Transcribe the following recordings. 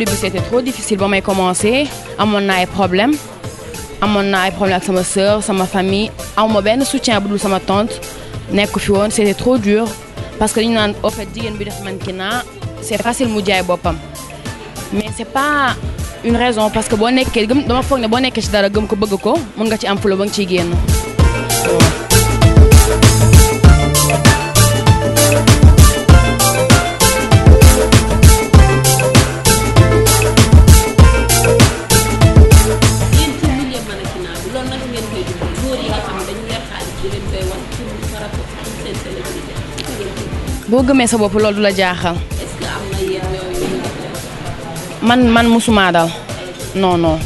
début c'était trop difficile ba may commencé amoon naa ay problème amoon naa ay problème ak sama sœur sama famille amuma benn soutien bu dul sama tante nekk fi woon c'était trop dur parce que ñu naan au fait jigéen bi def mannequinat c'est facile mu jaay boppam mais c'est pas une raison parce que boo nekkee gëm dama foog ne boo nekkee ci dara gëm ko bëgg ko mën nga ci am fulla ba nga ciy bo gëmé sa bop loolu la jaaxal. man man musuma dal non non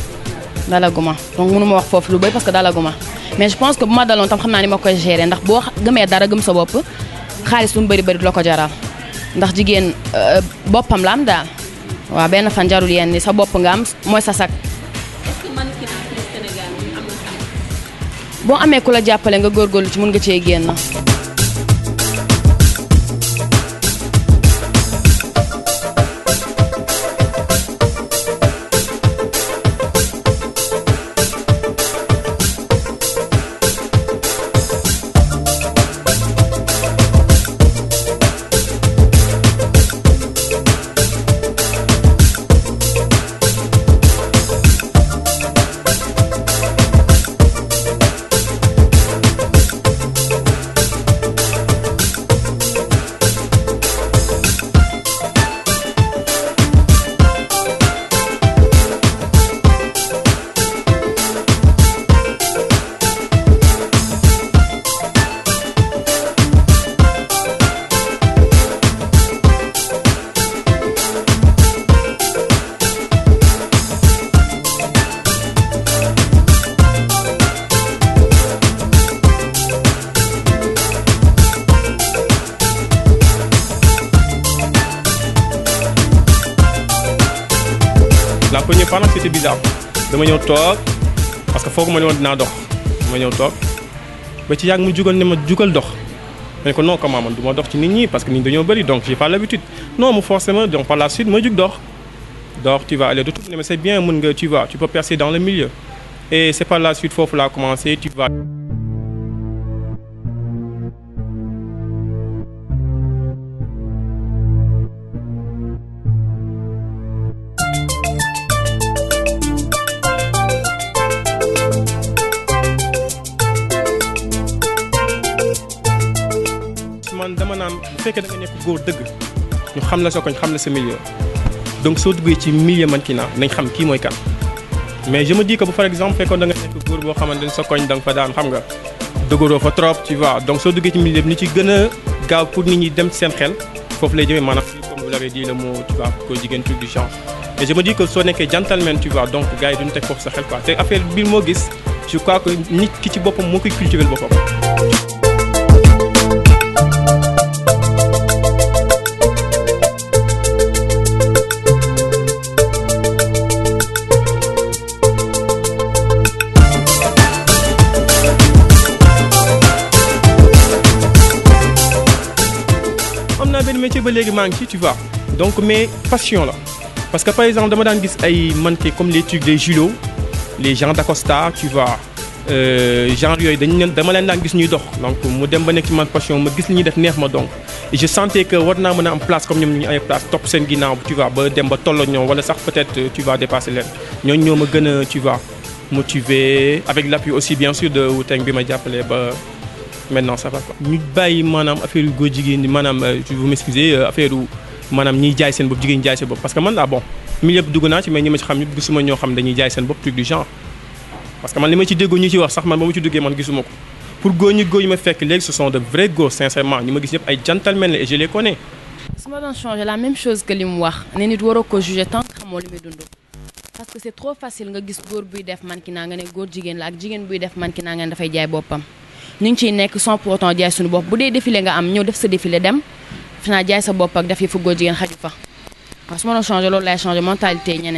dalaguma donc mënuma wax fofu lu bay parce que dalaguma mais je pense que buma dalon tam xamna ni mako gérer ndax bo gëmé dara gëm sa bop xaaliss lu bari bari bëri jaral ndax jigen euh, bopam lam dal wa ben fan jarul yenn sa bop nga am moy sa sak. Bo amé kula jappalé nga gorgol ci mën nga ci pendant que c'était bizarre parce que je ma dox ma ne non comment man parce que suis devons donc j'ai pas l'habitude non mais donc par la suite ma jug dox dox tu vas aller mais c'est bien tu vas tu peux percer dans le milieu et c'est pas la suite faut la commencer, tu vas fekkee da nga nekk góor dëgg ñu xam la sa koñ xam la sa milieu donc soo duggee ci milieu mannequinat nañ xam kii mooy kan. mais je me dis que bu par exemple fekkoon da nga nekk góor boo xamante ne sa koñ da nga fa daan xam nga dëgëroo fa trop tu vois donc soo duggee ci milieu ni ci gën a gaaw pour nit ñi dem ci seen xel foofu lay jëmee maanaam comme vous l'avez dit le mot tu vois ko jigéen truc du genre. et je me dis que soo nekkee gentleman tu vois donc gars yi duñu teg foofu sa xel quoi te affaire bi moo gis je crois que nit ki ci boppam moo koy cultiver boppam. naa benn métier ba légui mang ci tu vois donc mais passion là, parce que par exemple dama dan gis ay mannequins comme les trucs des julots les gens d'Acosta tu vois euh, genre yooyu dañu leen dama len dan gis ñuy dox donc mu dem ba nek ci man passion ma gis li ñuy def neex ma donc je sentais que war naa mën en am place comme ñoom ñu ay place top sen ginnaaw tu vois ba dem ba tolloo ñoom wala sax peut-être tu vois dépasser les ñooñu ñoo ma gëna tu vois motivé avec l'appui aussi bien sûr de Wuteng bi ma jàppale ba maintenant ça va quoi ñu bàyyi maanaam affaire go jigen ni manam tu euh, vous m'excuser euh, affaire manam maanaam ñiy jaay seen bopp jigéen ñi jaay seen parce que man laa ah bon milieu bi dugg naa ci mais ñi ma ci xam ñëpp ma ñoo xam dañuy jaay sen bop truc du genre parce que man li ci déggoo ñu ci wax sax man ba ci duggee man gisuma pour go ñi go yi ma fekk léegi ce sont de vrais góor sincèrement ni ma gis ñëpp ay gentlemen et je les connais. C'est ma doon changer la même chose que limu wax ne nit waro ko juger tant que xamoo li muy parce que c'est trop facile nga gis góor buy def n'a nga ne góor jigen la ak jigen buy def na nga ne dafay jaay bopam nous sommes 100% en train pour se jaay suñu nous bu défilé nga am ñëw def sa défilé dem fi sa vous ak mentalité